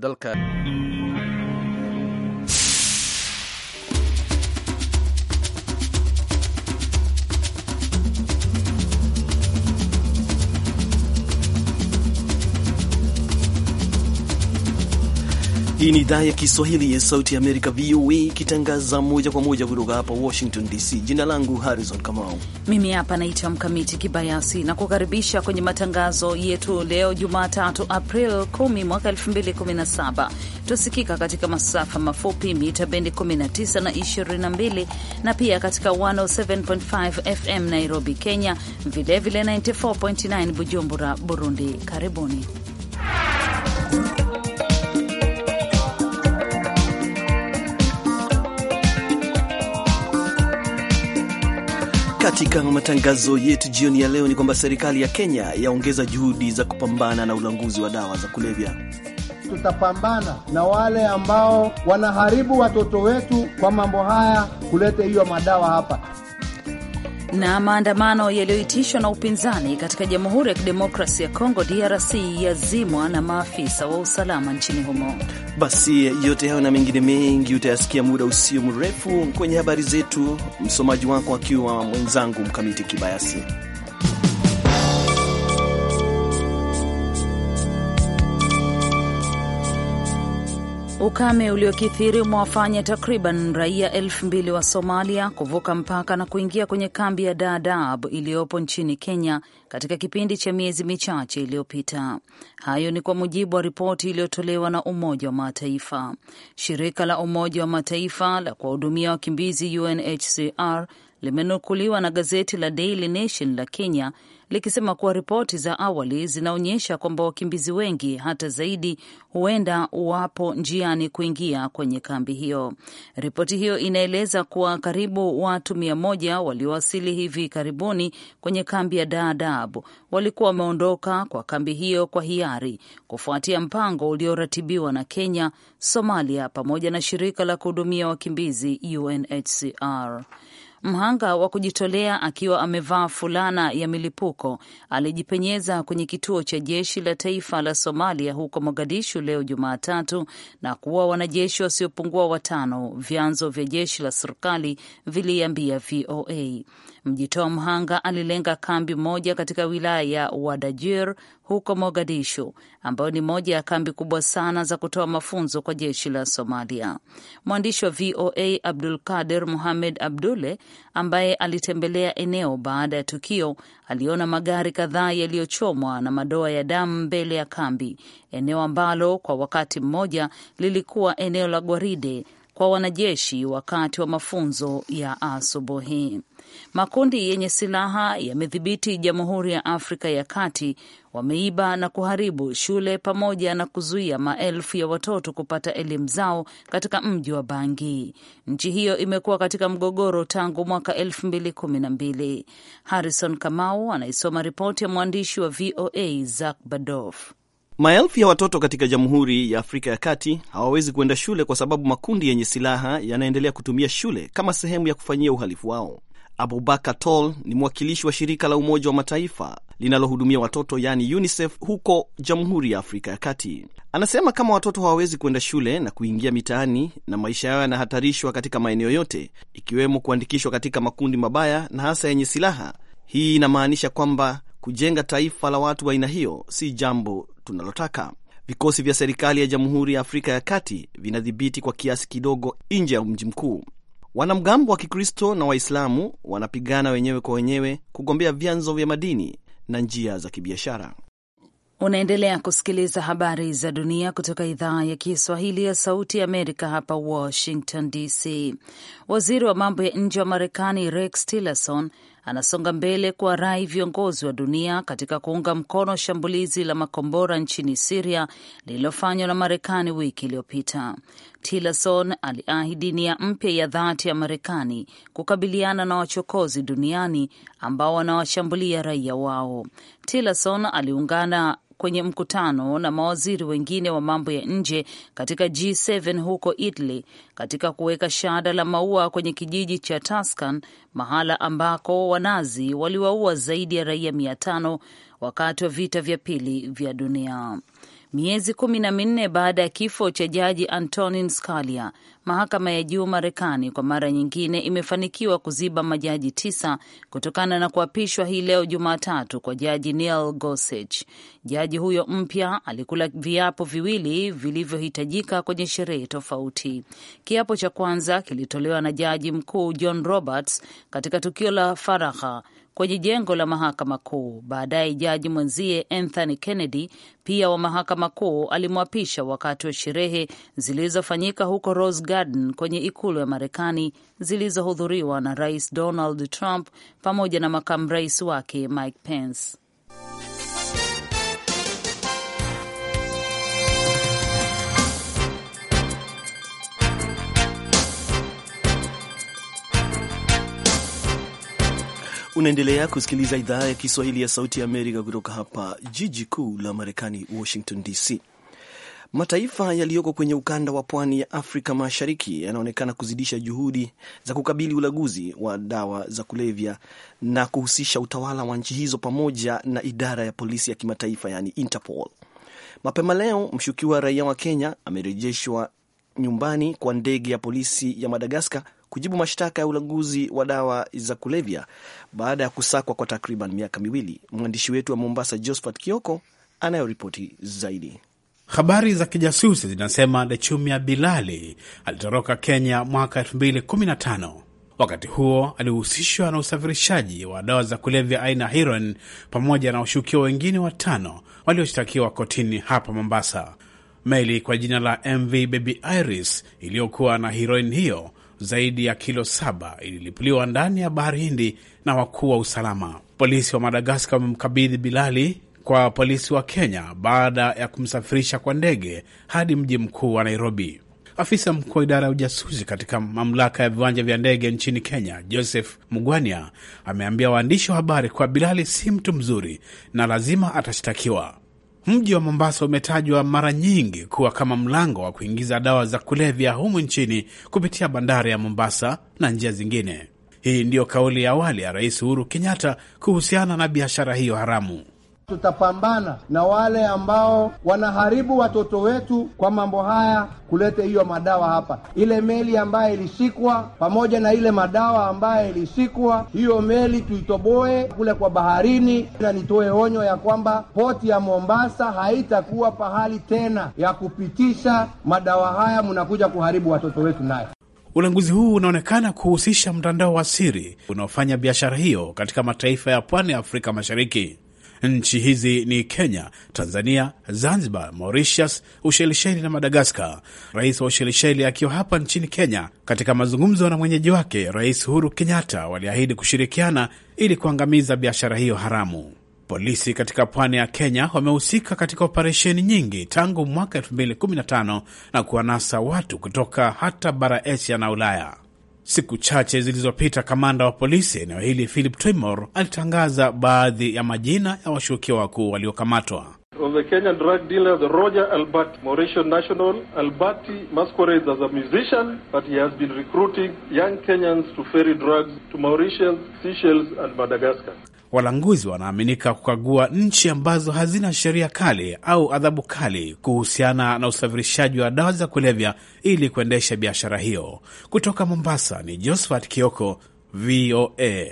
dalka Hii ni idhaa ya Kiswahili ya Sauti ya Amerika, VOA, ikitangaza moja kwa moja kutoka hapa Washington DC. Jina langu Harrison Kamau, mimi hapa naitwa Mkamiti Kibayasi na kukaribisha kwenye matangazo yetu leo Jumatatu April 10 mwaka 2017. Tusikika katika masafa mafupi mita bendi 19 na 22 na pia katika 107.5 FM Nairobi, Kenya, vilevile 94.9 Bujumbura, Burundi. Karibuni. Katika matangazo yetu jioni ya leo ni kwamba serikali ya Kenya yaongeza juhudi za kupambana na ulanguzi wa dawa za kulevya. Tutapambana na wale ambao wanaharibu watoto wetu kwa mambo haya, kuleta hiyo madawa hapa. Na maandamano yaliyoitishwa na upinzani katika Jamhuri ya Kidemokrasi ya Kongo DRC yazimwa na maafisa wa usalama nchini humo. Basi yote hayo na mengine mengi utayasikia muda usio mrefu kwenye habari zetu, msomaji wako akiwa mwenzangu Mkamiti Kibayasi. Ukame uliokithiri umewafanya takriban raia elfu mbili wa Somalia kuvuka mpaka na kuingia kwenye kambi ya Dadaab iliyopo nchini Kenya katika kipindi cha miezi michache iliyopita. Hayo ni kwa mujibu wa ripoti iliyotolewa na Umoja wa Mataifa. Shirika la Umoja wa Mataifa la kuwahudumia wakimbizi UNHCR limenukuliwa na gazeti la Daily Nation la Kenya likisema kuwa ripoti za awali zinaonyesha kwamba wakimbizi wengi hata zaidi huenda wapo njiani kuingia kwenye kambi hiyo. Ripoti hiyo inaeleza kuwa karibu watu mia moja waliowasili hivi karibuni kwenye kambi ya Dadaab walikuwa wameondoka kwa kambi hiyo kwa hiari kufuatia mpango ulioratibiwa na Kenya, Somalia pamoja na shirika la kuhudumia wakimbizi UNHCR. Mhanga wa kujitolea akiwa amevaa fulana ya milipuko alijipenyeza kwenye kituo cha jeshi la taifa la Somalia huko Mogadishu leo Jumatatu na kuwa wanajeshi wasiopungua watano, vyanzo vya jeshi la serikali viliambia VOA. Mjitoa mhanga alilenga kambi moja katika wilaya ya Wadajir huko Mogadishu, ambayo ni moja ya kambi kubwa sana za kutoa mafunzo kwa jeshi la Somalia. Mwandishi wa VOA Abdul Kader Muhamed Abdule, ambaye alitembelea eneo baada ya tukio, aliona magari kadhaa yaliyochomwa na madoa ya damu mbele ya kambi, eneo ambalo kwa wakati mmoja lilikuwa eneo la gwaride kwa wanajeshi wakati wa mafunzo ya asubuhi. Makundi yenye silaha yamedhibiti Jamhuri ya Afrika ya Kati, wameiba na kuharibu shule pamoja na kuzuia maelfu ya watoto kupata elimu zao katika mji wa Bangi. Nchi hiyo imekuwa katika mgogoro tangu mwaka elfu mbili kumi na mbili. Harrison Kamau anaisoma ripoti ya mwandishi wa VOA Zak Badof. Maelfu ya watoto katika Jamhuri ya Afrika ya Kati hawawezi kuenda shule kwa sababu makundi yenye silaha yanaendelea kutumia shule kama sehemu ya kufanyia uhalifu wao. Abubakar Tol ni mwakilishi wa shirika la Umoja wa Mataifa linalohudumia watoto yaani UNICEF huko Jamhuri ya Afrika ya Kati. Anasema kama watoto hawawezi kuenda shule na kuingia mitaani na maisha yao yanahatarishwa katika maeneo yote, ikiwemo kuandikishwa katika makundi mabaya na hasa yenye silaha, hii inamaanisha kwamba Kujenga taifa la watu wa aina hiyo si jambo tunalotaka. Vikosi vya serikali ya Jamhuri ya Afrika ya Kati vinadhibiti kwa kiasi kidogo nje ya mji mkuu. Wanamgambo wa Kikristo na Waislamu wanapigana wenyewe kwa wenyewe kugombea vyanzo vya madini na njia za kibiashara. Unaendelea kusikiliza habari za dunia kutoka idhaa ya Kiswahili ya Sauti ya Amerika, hapa Washington DC. Waziri wa mambo ya nje wa Marekani Rex Tillerson anasonga mbele kwa rai viongozi wa dunia katika kuunga mkono shambulizi la makombora nchini Siria lililofanywa na Marekani wiki iliyopita. Tillerson aliahidi nia mpya ya dhati ya Marekani kukabiliana na wachokozi duniani ambao wanawashambulia raia wao. Tillerson aliungana kwenye mkutano na mawaziri wengine wa mambo ya nje katika G7 huko Italy katika kuweka shada la maua kwenye kijiji cha Tuscan, mahala ambako Wanazi waliwaua zaidi ya raia mia tano wakati wa vita vya pili vya dunia miezi kumi na minne baada ya kifo cha jaji Antonin Scalia. Mahakama ya juu Marekani kwa mara nyingine imefanikiwa kuziba majaji tisa kutokana na kuapishwa hii leo Jumatatu kwa jaji Neil Gorsuch. Jaji huyo mpya alikula viapo viwili vilivyohitajika kwenye sherehe tofauti. Kiapo cha kwanza kilitolewa na jaji mkuu John Roberts katika tukio la faragha kwenye jengo la mahakama kuu. Baadaye jaji mwenzie Anthony Kennedy pia wa mahakama kuu alimwapisha wakati wa sherehe zilizofanyika huko Rose Garden kwenye ikulu ya Marekani zilizohudhuriwa na Rais Donald Trump pamoja na makamu rais wake Mike Pence. Unaendelea kusikiliza idhaa ya Kiswahili ya Sauti ya Amerika kutoka hapa jiji kuu la Marekani, Washington DC. Mataifa yaliyoko kwenye ukanda wa pwani ya Afrika Mashariki yanaonekana kuzidisha juhudi za kukabili ulaguzi wa dawa za kulevya na kuhusisha utawala wa nchi hizo pamoja na idara ya polisi ya kimataifa, yani Interpol. Mapema leo mshukiwa raia wa Kenya amerejeshwa nyumbani kwa ndege ya polisi ya Madagaskar kujibu mashtaka ya ulaguzi wa dawa za kulevya baada ya kusakwa kwa takriban miaka miwili. Mwandishi wetu wa Mombasa, Josphat Kioko, anayoripoti zaidi. Habari za kijasusi zinasema Dechumia Bilali alitoroka Kenya mwaka 2015. Wakati huo alihusishwa na usafirishaji wa dawa za kulevya aina heroin pamoja na washukiwa wengine watano walioshtakiwa kotini hapa Mombasa. Meli kwa jina la MV Baby Iris iliyokuwa na heroin hiyo zaidi ya kilo saba ililipuliwa ndani ya bahari Hindi na wakuu wa usalama. Polisi wa Madagaskar wamemkabidhi Bilali kwa polisi wa Kenya baada ya kumsafirisha kwa ndege hadi mji mkuu wa Nairobi. Afisa mkuu wa idara ya ujasusi katika mamlaka ya viwanja vya ndege nchini Kenya, Joseph Mugwania, ameambia waandishi wa habari kuwa Bilali si mtu mzuri na lazima atashtakiwa. Mji wa Mombasa umetajwa mara nyingi kuwa kama mlango wa kuingiza dawa za kulevya humu nchini kupitia bandari ya Mombasa na njia zingine. Hii ndiyo kauli ya awali ya Rais Uhuru Kenyatta kuhusiana na biashara hiyo haramu. Tutapambana na wale ambao wanaharibu watoto wetu kwa mambo haya, kulete hiyo madawa hapa. Ile meli ambayo ilishikwa pamoja na ile madawa ambayo ilishikwa, hiyo meli tuitoboe kule kwa baharini, na nitoe onyo ya kwamba poti ya Mombasa haitakuwa pahali tena ya kupitisha madawa haya, mnakuja kuharibu watoto wetu nayo Ulanguzi huu unaonekana kuhusisha mtandao wa siri unaofanya biashara hiyo katika mataifa ya pwani ya Afrika Mashariki. Nchi hizi ni Kenya, Tanzania, Zanzibar, Mauritius, Ushelisheli na Madagaskar. Rais wa Ushelisheli akiwa hapa nchini Kenya, katika mazungumzo na mwenyeji wake Rais Uhuru Kenyatta, waliahidi kushirikiana ili kuangamiza biashara hiyo haramu. Polisi katika pwani ya Kenya wamehusika katika operesheni nyingi tangu mwaka 2015 na kuwanasa watu kutoka hata bara Asia na Ulaya. Siku chache zilizopita kamanda wa polisi eneo hili Philip Twimor alitangaza baadhi ya majina ya washukiwa wakuu waliokamatwa. Of the Kenyan drug Roger Mauritian national. masquerades as a musician, but he has been recruiting young Kenyans to ferry drugs to Mauritius, Seychelles and Madagascar. Walanguzi wanaaminika kukagua nchi ambazo hazina sheria kali au adhabu kali kuhusiana na usafirishaji wa dawa za kulevya ili kuendesha biashara hiyo. Kutoka Mombasa ni Josephat Kioko, VOA.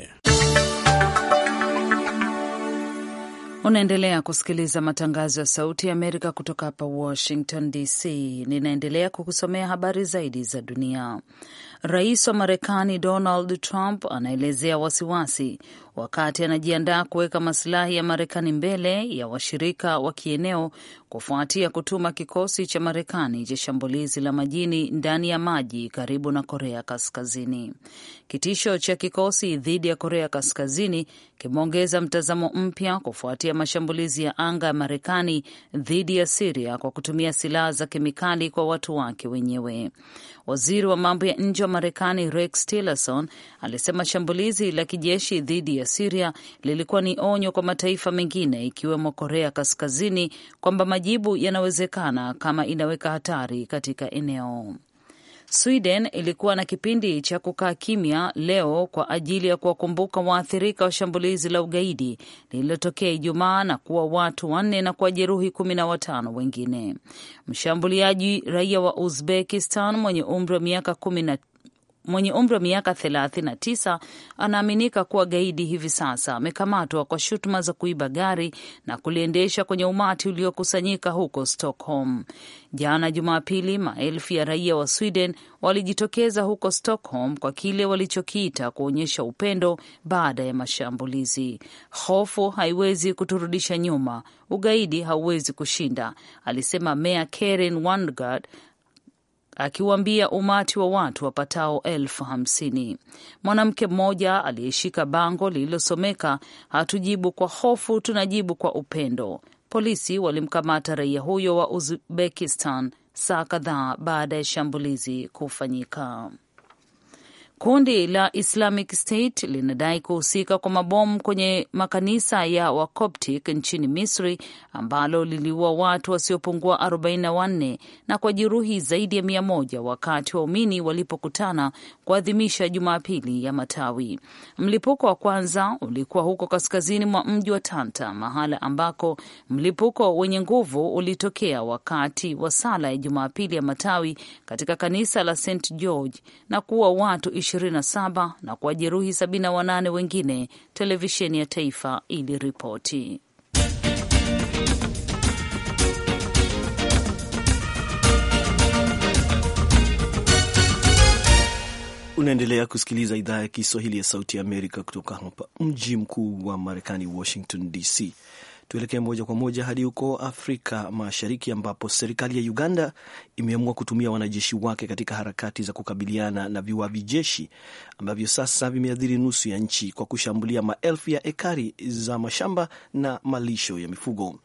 Unaendelea kusikiliza matangazo ya Sauti ya Amerika kutoka hapa Washington DC. Ninaendelea kukusomea habari zaidi za dunia. Rais wa Marekani Donald Trump anaelezea wasiwasi wakati anajiandaa kuweka masilahi ya Marekani mbele ya washirika wa kieneo kufuatia kutuma kikosi cha Marekani cha shambulizi la majini ndani ya maji karibu na Korea Kaskazini. Kitisho cha kikosi dhidi ya Korea Kaskazini kimeongeza mtazamo mpya kufuatia mashambulizi ya anga ya Marekani dhidi ya Siria kwa kutumia silaha za kemikali kwa watu wake wenyewe. Waziri wa mambo ya nje wa Marekani Rex Tillerson alisema shambulizi la kijeshi dhidi ya ya Siria lilikuwa ni onyo kwa mataifa mengine ikiwemo Korea Kaskazini kwamba majibu yanawezekana kama inaweka hatari katika eneo. Sweden ilikuwa na kipindi cha kukaa kimya leo kwa ajili ya kuwakumbuka waathirika wa shambulizi la ugaidi lililotokea Ijumaa na kuwa watu wanne na kuwajeruhi kumi na watano wengine. Mshambuliaji raia wa Uzbekistan mwenye umri wa miaka kumi na mwenye umri wa miaka 39 anaaminika kuwa gaidi hivi sasa amekamatwa kwa shutuma za kuiba gari na kuliendesha kwenye umati uliokusanyika huko Stockholm. Jana Jumapili, maelfu ya raia wa Sweden walijitokeza huko Stockholm kwa kile walichokiita kuonyesha upendo baada ya mashambulizi. Hofu haiwezi kuturudisha nyuma, ugaidi hauwezi kushinda, alisema Meya Karen Wangard akiwaambia umati wa watu wapatao elfu hamsini. Mwanamke mmoja aliyeshika bango lililosomeka hatujibu kwa hofu, tunajibu kwa upendo. Polisi walimkamata raia huyo wa Uzbekistan saa kadhaa baada ya shambulizi kufanyika. Kundi la Islamic State linadai kuhusika kwa mabomu kwenye makanisa ya Wakoptic nchini Misri ambalo liliua watu wasiopungua 44 na kwa jeruhi zaidi ya mia moja wakati waumini walipokutana kuadhimisha Jumapili ya Matawi. Mlipuko wa kwanza ulikuwa huko kaskazini mwa mji wa Tanta, mahala ambako mlipuko wenye nguvu ulitokea wakati wa sala ya Jumapili ya Matawi katika kanisa la St George na kuua watu 27 na kuwajeruhi 78 wengine, televisheni ya taifa iliripoti. Unaendelea kusikiliza idhaa ya Kiswahili ya Sauti ya Amerika kutoka hapa mji mkuu wa Marekani, Washington DC. Tuelekee moja kwa moja hadi huko Afrika Mashariki, ambapo serikali ya Uganda imeamua kutumia wanajeshi wake katika harakati za kukabiliana na viwavi jeshi ambavyo sasa vimeathiri nusu ya nchi kwa kushambulia maelfu ya ekari za mashamba na malisho ya mifugo.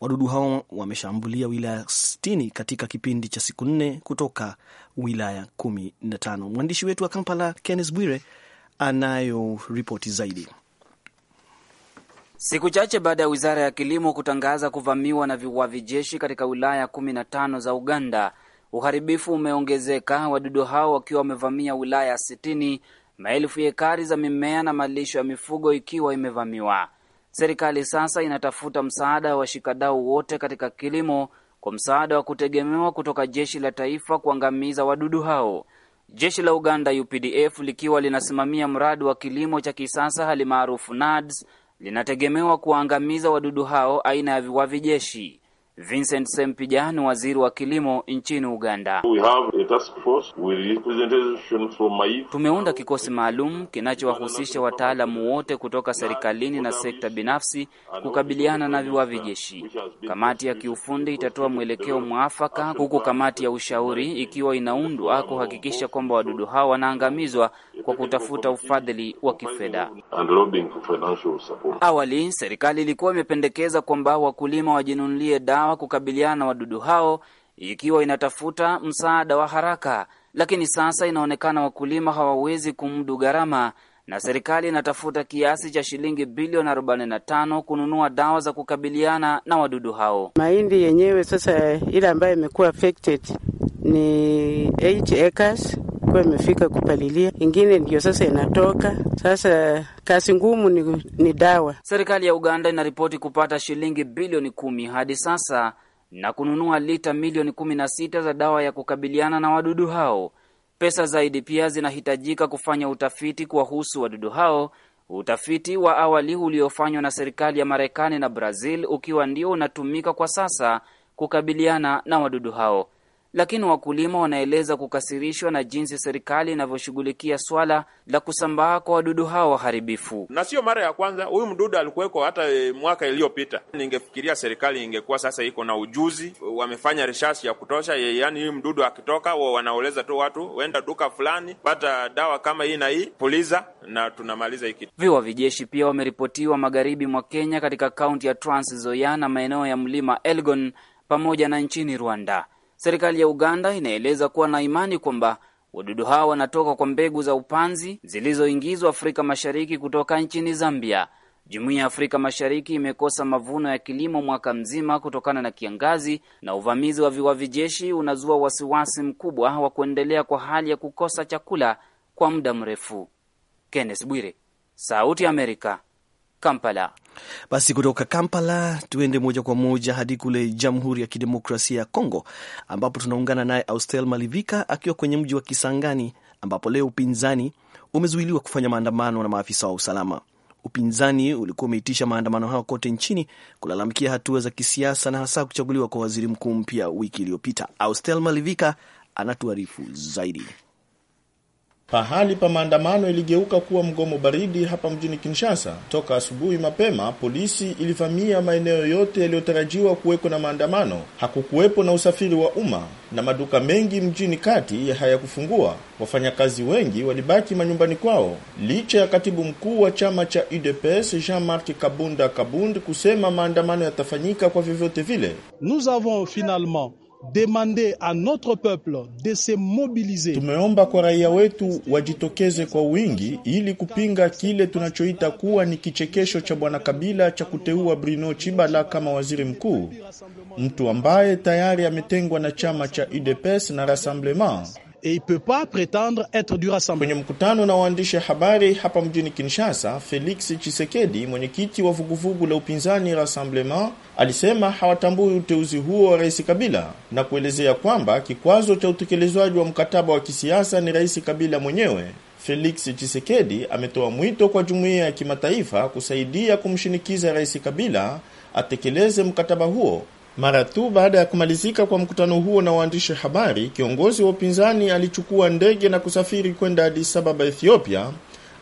Wadudu hao wameshambulia wilaya 60 katika kipindi cha siku nne kutoka wilaya 15. Mwandishi wetu wa Kampala, Kenneth Bwire, anayo ripoti zaidi. Siku chache baada ya wizara ya kilimo kutangaza kuvamiwa na viwavi jeshi katika wilaya 15 za Uganda, uharibifu umeongezeka, wadudu hao wakiwa wamevamia wilaya 60, maelfu ya ekari za mimea na malisho ya mifugo ikiwa imevamiwa. Serikali sasa inatafuta msaada wa washikadau wote katika kilimo kwa msaada wa kutegemewa kutoka jeshi la taifa kuangamiza wadudu hao. Jeshi la Uganda UPDF likiwa linasimamia mradi wa kilimo cha kisasa hali maarufu NADS linategemewa kuwaangamiza wadudu hao aina ya viwavi jeshi Vincent Sempijani, waziri wa kilimo nchini Uganda. We have a task force with representation from tumeunda kikosi maalum kinachowahusisha wataalamu wote kutoka serikalini na sekta binafsi kukabiliana na viwavi jeshi. Kamati ya kiufundi itatoa mwelekeo mwafaka, huku kamati ya ushauri ikiwa inaundwa kuhakikisha kwamba wadudu hawa wanaangamizwa kwa kutafuta ufadhili wa kifedha. Awali serikali ilikuwa imependekeza kwamba wakulima wajinunulie dawa sawa kukabiliana na wadudu hao ikiwa inatafuta msaada wa haraka, lakini sasa inaonekana wakulima hawawezi kumudu gharama, na serikali inatafuta kiasi cha shilingi bilioni 45 kununua dawa za kukabiliana na wadudu hao. Mahindi yenyewe sasa eh, ile ambayo imekuwa affected ni 8 acres ilikuwa imefika kupalilia, ingine ndio sasa inatoka. Sasa kazi ngumu ni, ni dawa. Serikali ya Uganda inaripoti kupata shilingi bilioni kumi hadi sasa na kununua lita milioni kumi na sita za dawa ya kukabiliana na wadudu hao. Pesa zaidi pia zinahitajika kufanya utafiti kuwahusu wadudu hao, utafiti wa awali uliofanywa na serikali ya Marekani na Brazil ukiwa ndio unatumika kwa sasa kukabiliana na wadudu hao lakini wakulima wanaeleza kukasirishwa na jinsi serikali inavyoshughulikia swala la kusambaa kwa wadudu hao waharibifu. Na sio mara ya kwanza, huyu mdudu alikuweko hata e, mwaka iliyopita. Ningefikiria serikali ingekuwa sasa iko na ujuzi, wamefanya research ya kutosha, yaani huyu mdudu akitoka, wa wanaoleza tu watu, wenda duka fulani, pata dawa kama hii na hii, puliza na tunamaliza hiki. Viwa vijeshi pia wameripotiwa magharibi mwa Kenya, katika kaunti ya Trans Nzoia na maeneo ya mlima Elgon pamoja na nchini Rwanda. Serikali ya Uganda inaeleza kuwa na imani kwamba wadudu hawa wanatoka kwa mbegu za upanzi zilizoingizwa Afrika Mashariki kutoka nchini Zambia. Jumuiya ya Afrika Mashariki imekosa mavuno ya kilimo mwaka mzima kutokana na kiangazi, na uvamizi wa viwavi jeshi unazua wasiwasi mkubwa wa kuendelea kwa hali ya kukosa chakula kwa muda mrefu. Kenneth Bwire, Sauti ya Amerika, Kampala. Basi kutoka Kampala tuende moja kwa moja hadi kule Jamhuri ya Kidemokrasia ya Kongo, ambapo tunaungana naye Austel Malivika akiwa kwenye mji wa Kisangani, ambapo leo upinzani umezuiliwa kufanya maandamano na maafisa wa usalama. Upinzani ulikuwa umeitisha maandamano hayo kote nchini kulalamikia hatua za kisiasa na hasa kuchaguliwa kwa waziri mkuu mpya wiki iliyopita. Austel Malivika anatuarifu zaidi. Pahali pa maandamano iligeuka kuwa mgomo baridi hapa mjini Kinshasa. Toka asubuhi mapema, polisi ilivamia maeneo yote yaliyotarajiwa kuweko na maandamano. Hakukuwepo na usafiri wa umma na maduka mengi mjini kati hayakufungua. Wafanyakazi wengi walibaki manyumbani kwao, licha ya katibu mkuu wa chama cha UDPS Jean-Marc Kabunda Kabund kusema maandamano yatafanyika kwa vyovyote vile. Nous avons finalement demander à notre peuple de se mobiliser. Tumeomba kwa raia wetu wajitokeze kwa wingi ili kupinga kile tunachoita kuwa ni kichekesho cha Bwana Kabila cha kuteua Bruno Chibala kama waziri mkuu, mtu ambaye tayari ametengwa na chama cha UDPS na Rassemblement et il peut pas prétendre être du Rassemblement. Kwenye mkutano na waandishi habari hapa mjini Kinshasa, Felix Chisekedi, mwenyekiti wa vuguvugu la upinzani Rassemblement, alisema hawatambui uteuzi huo wa Rais Kabila na kuelezea kwamba kikwazo cha utekelezwaji wa mkataba wa kisiasa ni Rais Kabila mwenyewe. Felix Chisekedi ametoa mwito kwa jumuiya ya kimataifa kusaidia kumshinikiza Rais Kabila atekeleze mkataba huo mara tu baada ya kumalizika kwa mkutano huo na waandishi habari, kiongozi wa upinzani alichukua ndege na kusafiri kwenda Addis Ababa, Ethiopia,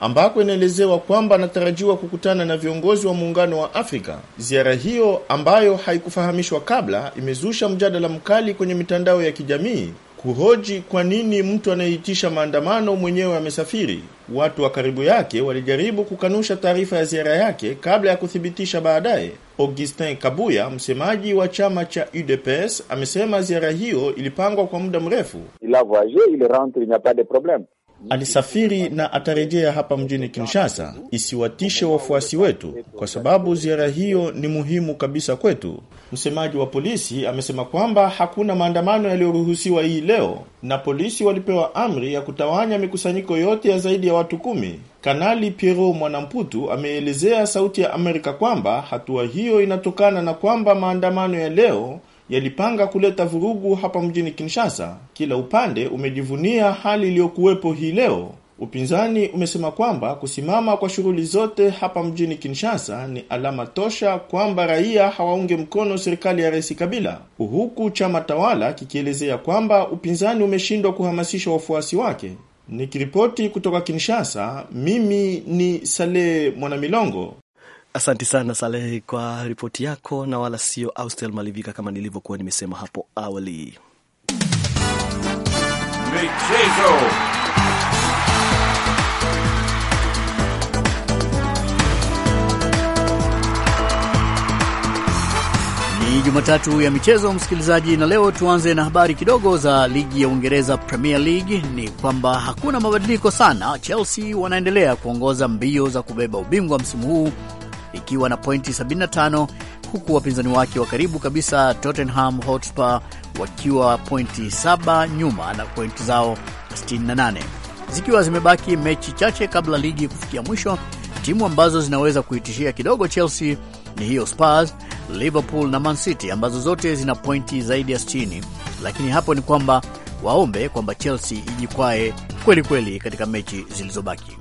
ambako inaelezewa kwamba anatarajiwa kukutana na viongozi wa Muungano wa Afrika. Ziara hiyo ambayo haikufahamishwa kabla imezusha mjadala mkali kwenye mitandao ya kijamii kuhoji kwa nini mtu anayeitisha maandamano mwenyewe amesafiri. Watu wa karibu yake walijaribu kukanusha taarifa ya ziara yake kabla ya kuthibitisha baadaye. Augustin Kabuya, msemaji wa chama cha UDPS, amesema ziara hiyo ilipangwa kwa muda mrefu Il a voyagé, il rentre, il n'y a pas de problème. Alisafiri na atarejea hapa mjini Kinshasa. Isiwatishe wafuasi wetu, kwa sababu ziara hiyo ni muhimu kabisa kwetu. Msemaji wa polisi amesema kwamba hakuna maandamano yaliyoruhusiwa hii leo na polisi walipewa amri ya kutawanya mikusanyiko yote ya zaidi ya watu kumi. Kanali Piero Mwanamputu ameelezea Sauti ya Amerika kwamba hatua hiyo inatokana na kwamba maandamano ya leo yalipanga kuleta vurugu hapa mjini Kinshasa. Kila upande umejivunia hali iliyokuwepo hii leo. Upinzani umesema kwamba kusimama kwa shughuli zote hapa mjini Kinshasa ni alama tosha kwamba raia hawaunge mkono serikali ya Rais Kabila, huku chama tawala kikielezea kwamba upinzani umeshindwa kuhamasisha wafuasi wake. Nikiripoti kutoka Kinshasa, mimi ni saleh Mwanamilongo. Asante sana salehe kwa ripoti yako, na wala sio Austel Malivika kama nilivyokuwa nimesema hapo awali. Michezo. Ni Jumatatu ya michezo msikilizaji, na leo tuanze na habari kidogo za ligi ya Uingereza, Premier League. Ni kwamba hakuna mabadiliko sana. Chelsea wanaendelea kuongoza mbio za kubeba ubingwa msimu huu ikiwa na pointi 75 huku wapinzani wake wa karibu kabisa Tottenham Hotspur wakiwa pointi 7 nyuma na pointi zao 68 zikiwa zimebaki mechi chache kabla ligi kufikia mwisho. Timu ambazo zinaweza kuitishia kidogo Chelsea ni hiyo Spurs, Liverpool na Man City ambazo zote zina pointi zaidi ya 60, lakini hapo ni kwamba waombe kwamba Chelsea ijikwae kweli kweli katika mechi zilizobaki.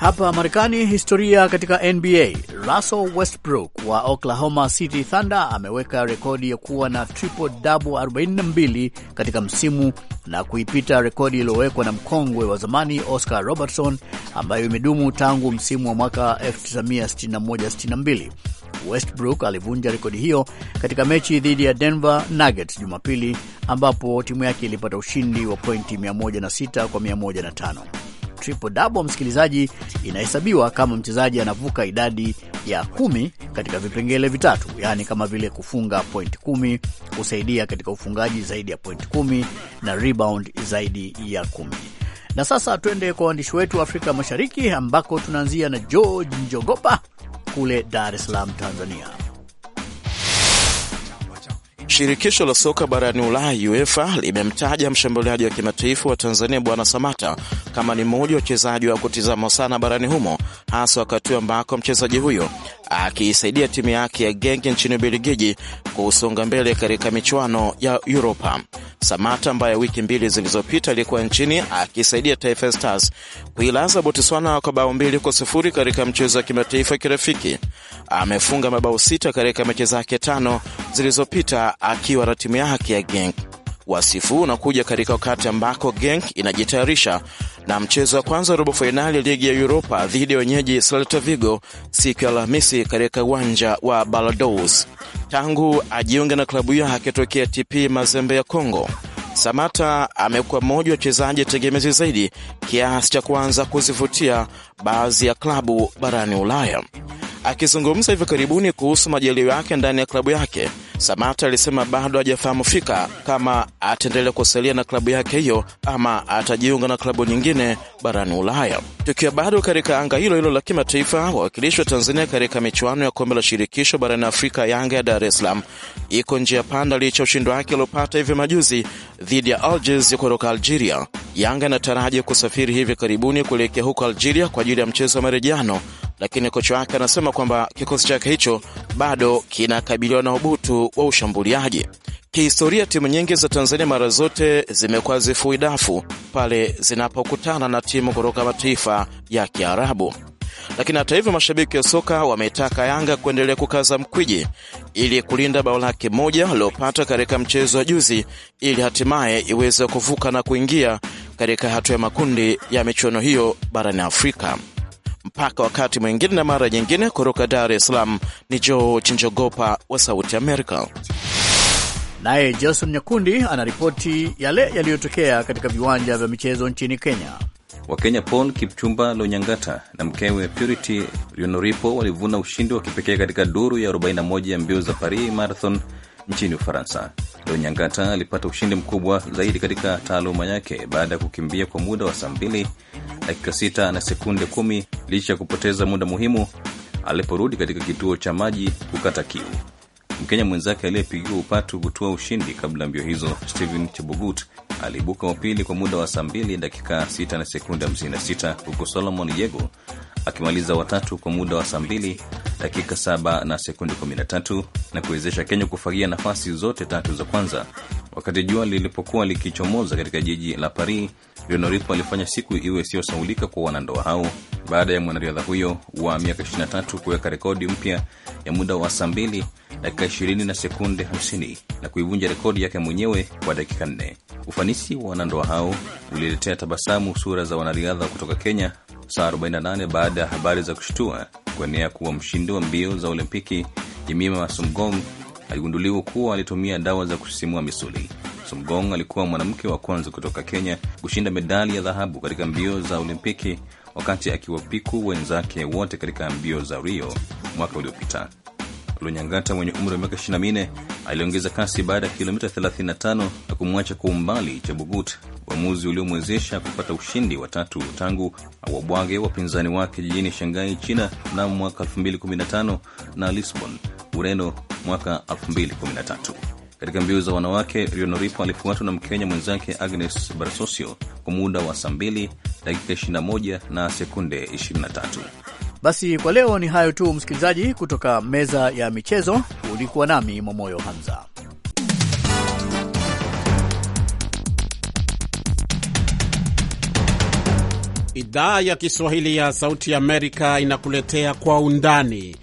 Hapa Marekani, historia katika NBA. Russell Westbrook wa Oklahoma City Thunder ameweka rekodi ya kuwa na triple double 42 katika msimu na kuipita rekodi iliyowekwa na mkongwe wa zamani Oscar Robertson ambayo imedumu tangu msimu wa mwaka 1961-62. Westbrook alivunja rekodi hiyo katika mechi dhidi ya Denver Nuggets Jumapili, ambapo timu yake ilipata ushindi wa pointi 106 kwa 105 triple double, msikilizaji, inahesabiwa kama mchezaji anavuka idadi ya kumi katika vipengele vitatu, yaani kama vile kufunga point kumi, kusaidia katika ufungaji zaidi ya point kumi na rebound zaidi ya kumi. Na sasa tuende kwa waandishi wetu wa Afrika Mashariki ambako tunaanzia na George Njogopa kule Dar es Salaam, Tanzania. Shirikisho la soka barani Ulaya UEFA limemtaja mshambuliaji wa kimataifa wa Tanzania Bwana Samata kama ni mmoja wa wachezaji wa kutizamwa sana barani humo, hasa wakati ambako mchezaji huyo akiisaidia timu yake ya Genge nchini Ubelgiji kusonga mbele katika michuano ya Uropa. Samata ambaye wiki mbili zilizopita alikuwa nchini akisaidia Taifa Stars kuilaza Botswana kwa bao mbili kwa sifuri katika mchezo wa kimataifa kirafiki amefunga mabao sita katika mechi zake tano zilizopita akiwa na timu yake ya Genk. Wasifu unakuja katika wakati ambako Genk inajitayarisha na mchezo wa kwanza wa robo fainali ya ligi ya Uropa dhidi ya wenyeji Celta Vigo siku ya Alhamisi katika uwanja wa Balados. Tangu ajiunge na klabu hiyo akitokea TP Mazembe ya Kongo, Samata amekuwa mmoja wa wachezaji tegemezi zaidi kiasi cha kuanza kuzivutia baadhi ya klabu barani Ulaya. Akizungumza hivi karibuni kuhusu majaliwa yake ndani ya klabu yake, Samata alisema bado hajafahamu fika kama ataendelea kusalia na klabu yake hiyo ama atajiunga na klabu nyingine barani Ulaya. Tukiwa bado katika anga hilo hilo la kimataifa, wawakilishi wa Tanzania katika michuano ya kombe la shirikisho barani Afrika, Yanga ya Dar es Salaam iko njia panda licha ushindi wake aliopata hivi majuzi dhidi ya Algiers kutoka Algeria. Yanga inataraji kusafiri hivi karibuni kuelekea huko Algeria kwa ajili ya mchezo wa marejiano, lakini kocha wake anasema amesema kwamba kikosi chake hicho bado kinakabiliwa na ubutu wa ushambuliaji. Kihistoria, timu nyingi za Tanzania mara zote zimekuwa zifui dafu pale zinapokutana na timu kutoka mataifa ya Kiarabu. Lakini hata hivyo, mashabiki wa soka wametaka Yanga kuendelea kukaza mkwiji ili kulinda bao lake moja aliopata katika mchezo wa juzi ili hatimaye iweze kuvuka na kuingia katika hatua ya makundi ya michuano hiyo barani Afrika. Mpaka wakati mwingine na mara nyingine, kutoka Dar es Salaam ni George Njogopa wa Sauti Amerika. Naye Jason Nyakundi anaripoti yale yaliyotokea katika viwanja vya michezo nchini Kenya. Wakenya Paul Kipchumba Lonyangata na mkewe Purity Lionoripo walivuna ushindi wa kipekee katika duru ya 41 ya mbio za Paris Marathon nchini Ufaransa. Lonyangata alipata ushindi mkubwa zaidi katika taaluma yake baada ya kukimbia kwa muda wa saa mbili dakika sita na sekunde kumi licha ya kupoteza muda muhimu aliporudi katika kituo cha maji kukata kiu. Mkenya mwenzake aliyepigiwa upatu kutua ushindi kabla mbio hizo, Stephen Chebogut aliibuka wa pili kwa muda wa saa 2 dakika 6 na sekunde 56, huku Solomon Yego akimaliza watatu kwa muda wa saa mbili dakika 7 na sekundi 13 na kuwezesha Kenya kufagia nafasi zote tatu za kwanza. Wakati jua lilipokuwa likichomoza katika jiji la Paris, Leonoripo alifanya siku iwe isiyosaulika kwa wanandoa hao baada ya mwanariadha huyo wa miaka 23 kuweka rekodi mpya ya muda wa saa 2 dakika 20 na sekunde 50 na kuivunja rekodi yake mwenyewe kwa dakika 4. Ufanisi wa wanandoa hao uliletea tabasamu sura za wanariadha kutoka Kenya saa 48 baada ya habari za kushtua kuenea kuwa mshindi wa mbio za Olimpiki Jemima Sumgong aligunduliwa kuwa alitumia dawa za kusisimua misuli. Sumgong alikuwa mwanamke wa kwanza kutoka Kenya kushinda medali ya dhahabu katika mbio za Olimpiki wakati akiwapiku wenzake wote katika mbio za Rio mwaka uliopita lunyangata mwenye umri wa miaka 24 aliongeza kasi baada ya kilomita 35 na kumwacha kwa umbali Chebugut, uamuzi uliomwezesha kupata ushindi wa tatu tangu awabwage wapinzani wake jijini Shanghai, China mnamo mwaka 2015 na Lisbon, Ureno mwaka 2013. Katika mbio za wanawake, Rionoripo alifuatwa na Mkenya mwenzake Agnes Barsosio kwa muda wa saa 2 dakika 21 na sekunde 23. Basi kwa leo ni hayo tu, msikilizaji. Kutoka meza ya michezo ulikuwa nami Momoyo Hamza. Idhaa ya Kiswahili ya Sauti ya Amerika inakuletea Kwa Undani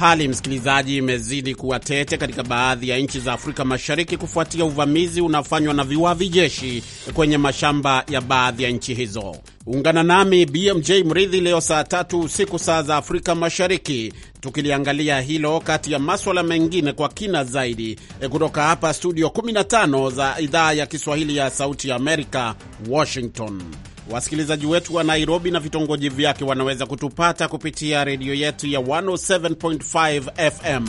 Hali msikilizaji, imezidi kuwa tete katika baadhi ya nchi za Afrika Mashariki kufuatia uvamizi unaofanywa na viwavi jeshi kwenye mashamba ya baadhi ya nchi hizo. Ungana nami BMJ Mridhi leo saa tatu usiku saa za Afrika Mashariki, tukiliangalia hilo kati ya maswala mengine kwa kina zaidi eh, kutoka hapa studio 15 za idhaa ya Kiswahili ya Sauti ya Amerika, Washington. Wasikilizaji wetu wa Nairobi na vitongoji vyake wanaweza kutupata kupitia redio yetu ya 107.5 FM.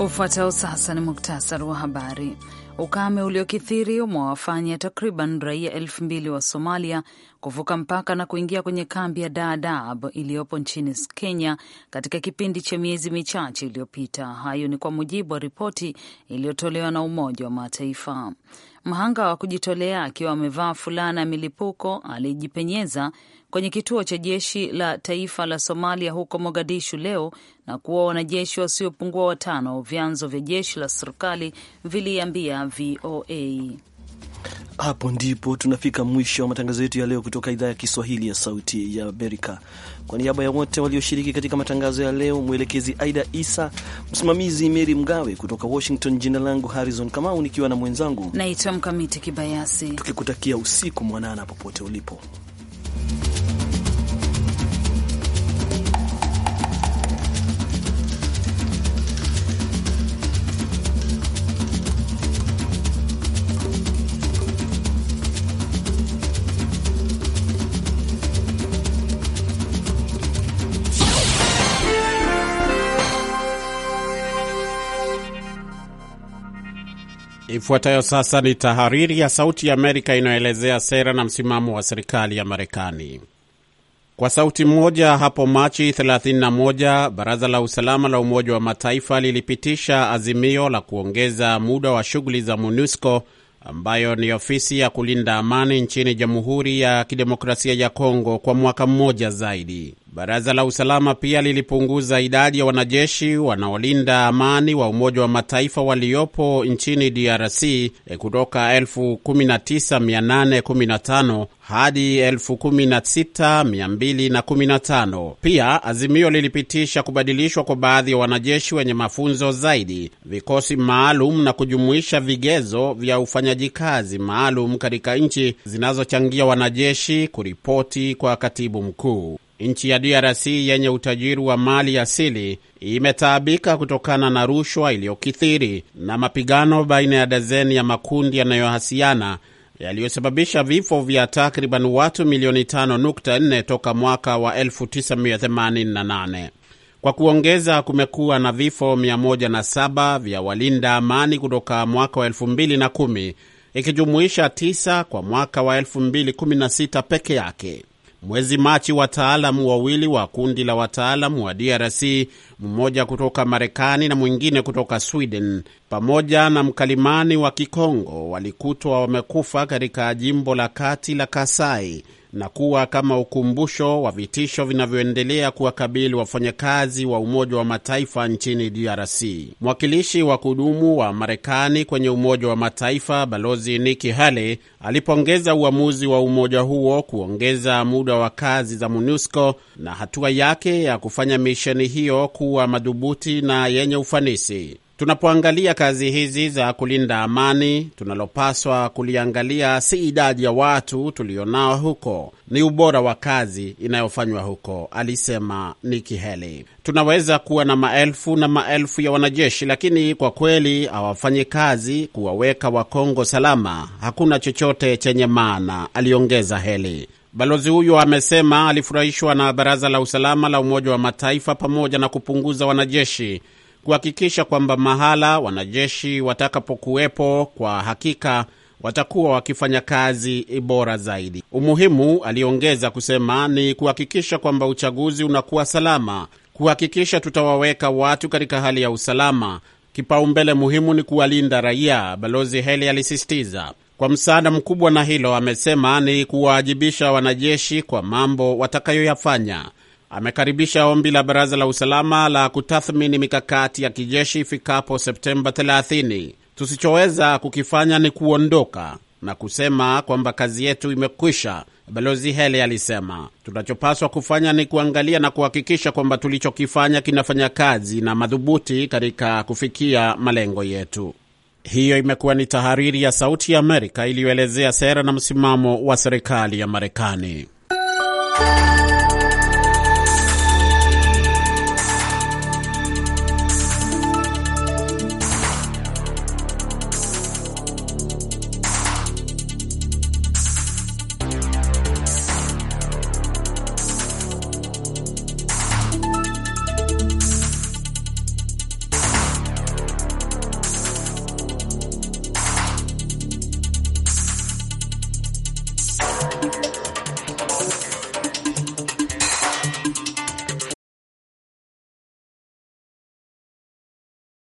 Ufuatao sasa ni muktasari wa habari. Ukame uliokithiri umewafanya takriban raia elfu mbili wa Somalia kuvuka mpaka na kuingia kwenye kambi ya Dadaab iliyopo nchini Kenya katika kipindi cha miezi michache iliyopita. Hayo ni kwa mujibu wa ripoti iliyotolewa na Umoja wa Mataifa. Mhanga wa kujitolea akiwa amevaa fulana ya milipuko aliyejipenyeza kwenye kituo cha jeshi la taifa la Somalia huko Mogadishu leo na kuwa wanajeshi wasiopungua watano, vyanzo vya jeshi la serikali viliambia VOA. Hapo ndipo tunafika mwisho wa matangazo yetu ya leo kutoka idhaa ya Kiswahili ya Sauti ya Amerika. Kwa niaba ya wote walioshiriki katika matangazo ya leo, mwelekezi Aida Isa, msimamizi Meri Mgawe kutoka Washington, jina langu Harrison Kamau nikiwa na mwenzangu naitwa Mkamiti Kibayasi, tukikutakia usiku mwanana popote ulipo. Ifuatayo sasa ni tahariri ya Sauti ya Amerika inayoelezea sera na msimamo wa serikali ya Marekani. Kwa sauti moja hapo Machi 31 baraza la usalama la Umoja wa Mataifa lilipitisha azimio la kuongeza muda wa shughuli za MONUSCO ambayo ni ofisi ya kulinda amani nchini Jamhuri ya Kidemokrasia ya Kongo kwa mwaka mmoja zaidi. Baraza la usalama pia lilipunguza idadi ya wanajeshi wanaolinda amani wa Umoja wa Mataifa waliopo nchini DRC eh, kutoka 19815 hadi 16215. Pia azimio lilipitisha kubadilishwa kwa baadhi ya wanajeshi wenye mafunzo zaidi, vikosi maalum na kujumuisha vigezo vya ufanyaji kazi maalum katika nchi zinazochangia wanajeshi kuripoti kwa katibu mkuu. Nchi ya DRC yenye utajiri wa mali asili imetaabika kutokana na rushwa iliyokithiri na mapigano baina ya dazeni ya makundi yanayohasiana yaliyosababisha vifo vya takriban watu milioni 5.4 toka mwaka wa 1988. Kwa kuongeza, kumekuwa na vifo 107 vya walinda amani kutoka mwaka wa 2010 ikijumuisha 9 kwa mwaka wa 2016 peke yake. Mwezi Machi, wataalamu wawili wa kundi la wataalamu wa DRC, mmoja kutoka Marekani na mwingine kutoka Sweden, pamoja na mkalimani wa Kikongo walikutwa wamekufa katika jimbo la kati la Kasai na kuwa kama ukumbusho wa vitisho vinavyoendelea kuwakabili wafanyakazi wa Umoja wa Mataifa nchini DRC. Mwakilishi wa kudumu wa Marekani kwenye Umoja wa Mataifa Balozi Nikki Haley alipongeza uamuzi wa umoja huo kuongeza muda wa kazi za MONUSCO na hatua yake ya kufanya misheni hiyo kuwa madhubuti na yenye ufanisi. Tunapoangalia kazi hizi za kulinda amani, tunalopaswa kuliangalia si idadi ya watu tulionao huko, ni ubora wa kazi inayofanywa huko, alisema Nikki Haley. Tunaweza kuwa na maelfu na maelfu ya wanajeshi, lakini kwa kweli hawafanyi kazi kuwaweka Wakongo salama, hakuna chochote chenye maana, aliongeza Haley. Balozi huyo amesema alifurahishwa na Baraza la Usalama la Umoja wa Mataifa pamoja na kupunguza wanajeshi kuhakikisha kwamba mahala wanajeshi watakapokuwepo kwa hakika watakuwa wakifanya kazi bora zaidi. Umuhimu, aliongeza kusema, ni kuhakikisha kwamba uchaguzi unakuwa salama, kuhakikisha tutawaweka watu katika hali ya usalama. Kipaumbele muhimu ni kuwalinda raia, Balozi Heli alisisitiza. Kwa msaada mkubwa na hilo, amesema ni kuwaajibisha wanajeshi kwa mambo watakayoyafanya amekaribisha ombi la baraza la usalama la kutathmini mikakati ya kijeshi ifikapo Septemba 30. Tusichoweza kukifanya ni kuondoka na kusema kwamba kazi yetu imekwisha, Balozi Hele alisema. Tunachopaswa kufanya ni kuangalia na kuhakikisha kwamba tulichokifanya kinafanya kazi na madhubuti katika kufikia malengo yetu. Hiyo imekuwa ni tahariri ya Sauti ya Amerika iliyoelezea sera na msimamo wa serikali ya Marekani.